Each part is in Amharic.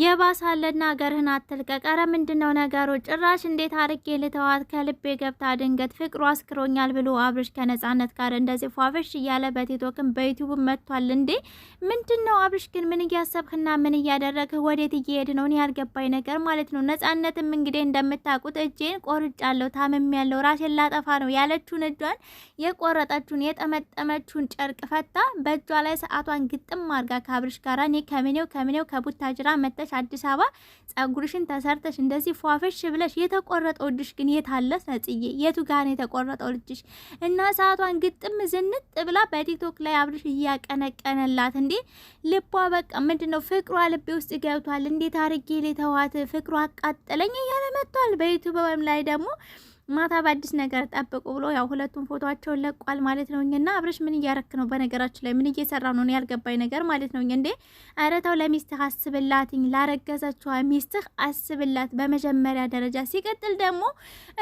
የባሳለና ሀገርህን አትልቀቅ። ኧረ ምንድነው ነገሩ? ጭራሽ እንዴት አርጌ ልተዋት ከልቤ ገብታ ድንገት ፍቅሩ አስክሮኛል ብሎ አብርሽ ከነጻነት ጋር እንደዚህ ፏፈሽ እያለ በቲክቶክም በዩቲዩብ መጥቷል። እንዴ ምንድነው አብርሽ ግን ምን እያሰብህና ምን እያደረግህ ወዴት እየሄድ ነው? ያልገባኝ ነገር ማለት ነው። ነጻነትም እንግዲህ እንደምታውቁት እጄን ቆርጫለሁ፣ ያለው ራሴን ላጠፋ ነው ያለችውን እጇን የቆረጠችውን የጠመጠመችውን ጨርቅ ፈታ በእጇ ላይ ሰዓቷን ግጥም አርጋ ከአብርሽ ጋራ እኔ ከምኔው ከምኔው ከቡታጅራ መ መተሽ አዲስ አበባ ጸጉርሽን ተሰርተሽ እንደዚህ ፏፈሽ ብለሽ የተቆረጠው እድሽ ግን የት አለ ነጽዬ? የቱ ጋር ነው የተቆረጠው እና ሰዓቷን ግጥም ዝንጥ ብላ በቲክቶክ ላይ አብርሽ እያቀነቀነላት እንዴ! ልቧ በቃ ምንድነው ፍቅሯ ልቤ ውስጥ ገብቷል። እንዴት አርጌ ሌተዋት ፍቅሯ አቃጠለኝ እያለ መጥቷል። በዩቱብ ላይ ደግሞ ማታ በአዲስ ነገር ጠብቁ ብሎ ያው ሁለቱም ፎቶቸውን ለቋል ማለት ነው። እና አብረሽ ምን እያረክ ነው? በነገራችን ላይ ምን እየሰራ ነው ያልገባኝ ነገር ማለት ነው። እንዴ ኧረ ለሚስትህ አስብላትኝ፣ ላረገዘችዋ ሚስትህ አስብላት በመጀመሪያ ደረጃ። ሲቀጥል ደግሞ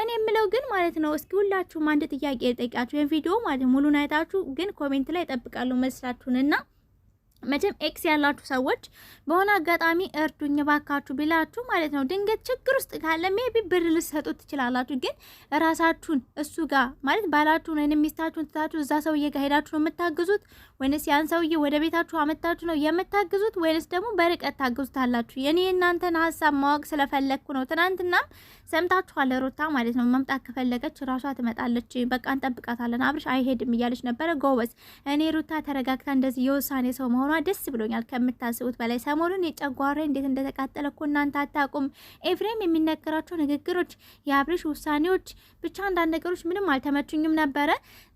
እኔ የምለው ግን ማለት ነው እስኪ ሁላችሁም አንድ ጥያቄ ጠይቃችሁ፣ ይህን ቪዲዮ ማለት ሙሉን አይታችሁ ግን ኮሜንት ላይ ጠብቃለሁ መስላችሁን እና መቼም ኤክስ ያላችሁ ሰዎች በሆነ አጋጣሚ እርዱኝ ባካችሁ ቢላችሁ ማለት ነው። ድንገት ችግር ውስጥ ካለ ሜቢ ብር ልሰጡት ትችላላችሁ። ግን ራሳችሁን እሱ ጋር ማለት ባላችሁን ወይም ሚስታችሁን ትታችሁ እዛ ሰውዬ ጋር ሄዳችሁ ነው የምታግዙት ወይንስ ያን ሰውዬ ወደ ቤታችሁ አመታችሁ ነው የምታግዙት ወይንስ ደግሞ በርቀት ታግዙታላችሁ? የኔ እናንተን ሀሳብ ማወቅ ስለፈለግኩ ነው። ትናንትናም ሰምታችኋል። ሮታ ማለት ነው መምጣት ከፈለገች ራሷ ትመጣለች። በቃ እንጠብቃታለን። አብርሽ አይሄድም እያለች ነበረ። ጎበዝ። እኔ ሩታ ተረጋግታ እንደዚህ የውሳኔ ሰው መሆኑ በመሆኗ ደስ ብሎኛል ከምታስቡት በላይ። ሰሞኑን የጨጓራ እንዴት እንደተቃጠለ እኮ እናንተ አታውቁም። ኤፍሬም የሚነገራቸው ንግግሮች፣ የአብርሽ ውሳኔዎች፣ ብቻ አንዳንድ ነገሮች ምንም አልተመቹኝም ነበረ።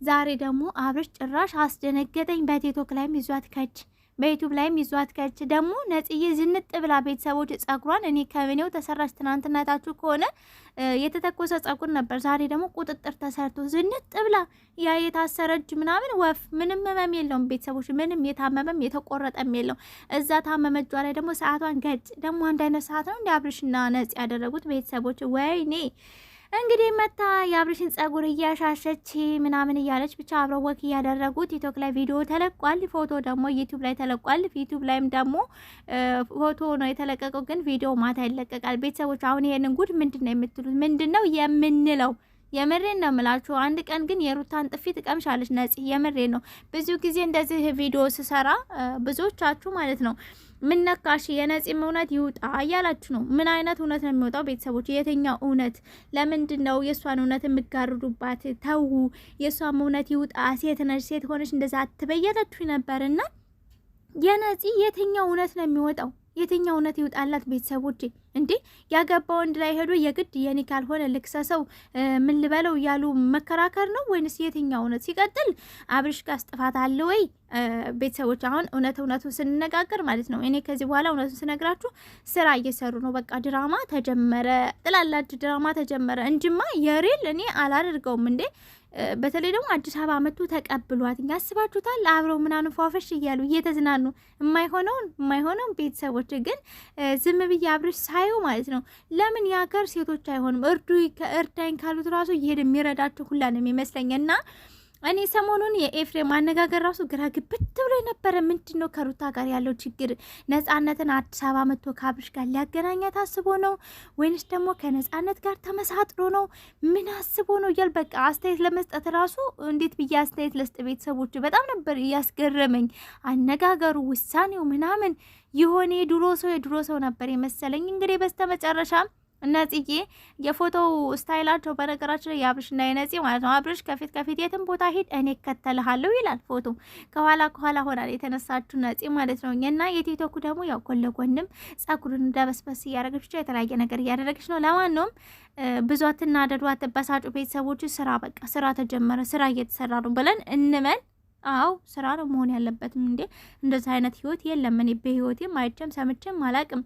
ዛሬ ደግሞ አብርሽ ጭራሽ አስደነገጠኝ። በቲክቶክ ላይም ይዟት ከች በዩቱብ ላይም ይዟት ከች ደግሞ ነጽዬ ዝንጥ ብላ ቤተሰቦች ጸጉሯን እኔ ከምኔው ተሰራች። ትናንትናታችሁ ከሆነ የተተኮሰ ጸጉር ነበር። ዛሬ ደግሞ ቁጥጥር ተሰርቶ ዝንጥ ብላ ያ የታሰረች ምናምን ወፍ ምንም ህመም የለውም ቤተሰቦች፣ ምንም የታመመም የተቆረጠም የለው። እዛ ታመመጇ ላይ ደግሞ ሰዓቷን ገጭ ደግሞ አንድ አይነት ሰዓት ነው እንዲ አብርሽና ነጽ ያደረጉት ቤተሰቦች ወይኔ እንግዲህ መታ የአብርሽን ጸጉር እያሻሸች ምናምን እያለች ብቻ አብረው ወክ እያደረጉት ቲክቶክ ላይ ቪዲዮ ተለቋል። ፎቶ ደግሞ ዩቱብ ላይ ተለቋል። ዩቱብ ላይም ደግሞ ፎቶ ነው የተለቀቀው፣ ግን ቪዲዮ ማታ ይለቀቃል። ቤተሰቦች አሁን ይሄንን ጉድ ምንድን ነው የምትሉት? ምንድን ነው የምንለው? የምሬን ነው ምላችሁ። አንድ ቀን ግን የሩታን ጥፊ ትቀምሻለች ነጽ። የምሬን ነው። ብዙ ጊዜ እንደዚህ ቪዲዮ ስሰራ ብዙዎቻችሁ ማለት ነው ምነካሽ የነጽም እውነት ይውጣ እያላችሁ ነው። ምን አይነት እውነት ነው የሚወጣው? ቤተሰቦች የትኛው እውነት? ለምንድን ነው የእሷን እውነት የምጋርዱባት? ተዉ፣ የእሷም እውነት ይውጣ። ሴት ነች፣ ሴት ሆነች እንደዛ አትበየለችሁ ነበርና የነጽ የትኛው እውነት ነው የሚወጣው? የትኛው እውነት ይውጣላት? ቤተሰቦች እንዴ ያገባ ወንድ ላይ ሄዶ የግድ የኔ ካልሆነ ልክሰሰው ምን ልበለው እያሉ መከራከር ነው ወይንስ የትኛው እውነት? ሲቀጥል አብርሽ ጋር ጥፋት አለ ወይ? ቤተሰቦች አሁን እውነት እውነቱ ስንነጋገር ማለት ነው። እኔ ከዚህ በኋላ እውነቱን ስነግራችሁ ስራ እየሰሩ ነው። በቃ ድራማ ተጀመረ፣ ጥላላድ ድራማ ተጀመረ እንጂማ የሬል እኔ አላደርገውም እንዴ በተለይ ደግሞ አዲስ አበባ መጥቶ ተቀብሏት ያስባችሁታል። አብረው ምናምን ፏፈሽ እያሉ እየተዝናኑ የማይሆነውን የማይሆነውን ቤተሰቦች ግን ዝም ብዬ አብርሽ ሳየው ማለት ነው ለምን የሀገር ሴቶች አይሆንም እርዱ እርዳኝ ካሉት ራሱ እየሄድ የሚረዳቸው ሁላ ነው የሚመስለኝ እና እኔ ሰሞኑን የኤፍሬም ማነጋገር ራሱ ግራ ግብት ብሎ የነበረ ምንድን ነው ከሩታ ጋር ያለው ችግር? ነጻነትን አዲስ አበባ መጥቶ ካብሽ ጋር ሊያገናኛት አስቦ ነው ወይንስ ደግሞ ከነጻነት ጋር ተመሳጥሮ ነው? ምን አስቦ ነው እያል በቃ አስተያየት ለመስጠት ራሱ እንዴት ብዬ አስተያየት ለስጥ ቤተሰቦች በጣም ነበር እያስገረመኝ አነጋገሩ፣ ውሳኔው ምናምን የሆነ የድሮ ሰው የድሮ ሰው ነበር የመሰለኝ እንግዲህ በስተመጨረሻም እና ጽጌ የፎቶው ስታይላቸው በነገራችን ላይ የአብርሽና የነጽ ማለት ነው። አብርሽ ከፊት ከፊት የትም ቦታ ሂድ እኔ እከተልሃለሁ ይላል። ፎቶ ከኋላ ከኋላ ሆናል የተነሳችሁ ነጽ ማለት ነው። እና የቲክቶኩ ደግሞ ያው ጎን ለጎንም ጸጉርን ደበስበስ እያደረገች ብቻ የተለያየ ነገር እያደረገች ነው። ለማን ነውም ብዙ አትናደዱ፣ አትበሳጩ ቤተሰቦች። ስራ በቃ ስራ ተጀመረ፣ ስራ እየተሰራ ነው ብለን እንመን። አው ስራ ነው መሆን ያለበትም እንዴ! እንደዚህ አይነት ህይወት የለም። እኔ በህይወቴም አይቼም ሰምቼም አላቅም።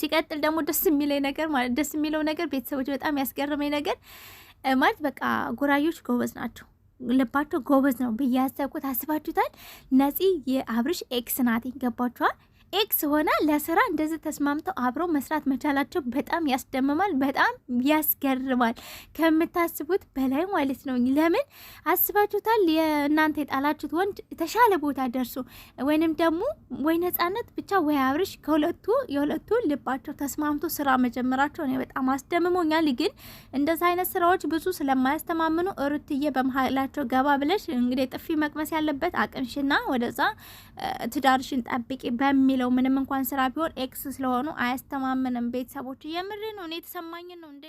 ሲቀጥል ደግሞ ደስ የሚለኝ ነገር ማለት ደስ የሚለው ነገር ቤተሰቦች በጣም ያስገረመኝ ነገር ማለት በቃ ጉራዮች ጎበዝ ናቸው ልባቸው ጎበዝ ነው ብዬ ያሰብኩት አስባችሁታል። ነፂ የአብርሽ ኤክስ ናት። ገባችኋል? ኤክስ ሆነ ለስራ እንደዚህ ተስማምተው አብረው መስራት መቻላቸው በጣም ያስደምማል፣ በጣም ያስገርማል። ከምታስቡት በላይ ማለት ነው። ለምን አስባችሁታል? የእናንተ የጣላችሁት ወንድ የተሻለ ቦታ ደርሶ ወይንም ደግሞ ወይ ነጻነት ብቻ ወይ አብርሽ ከሁለቱ የሁለቱ ልባቸው ተስማምቶ ስራ መጀመራቸው ነው በጣም አስደምሞኛል። ግን እንደዚህ አይነት ስራዎች ብዙ ስለማያስተማምኑ እሩትዬ በመሀላቸው ገባ ብለሽ እንግዲህ ጥፊ መቅመስ ያለበት አቅምሽና ወደዛ ትዳርሽን ጠብቂ በሚል ሌላው ምንም እንኳን ስራ ቢሆን ኤክስ ስለሆኑ አያስተማምንም። ቤተሰቦች የምር ነው። እኔ የተሰማኝን ነው እንዴ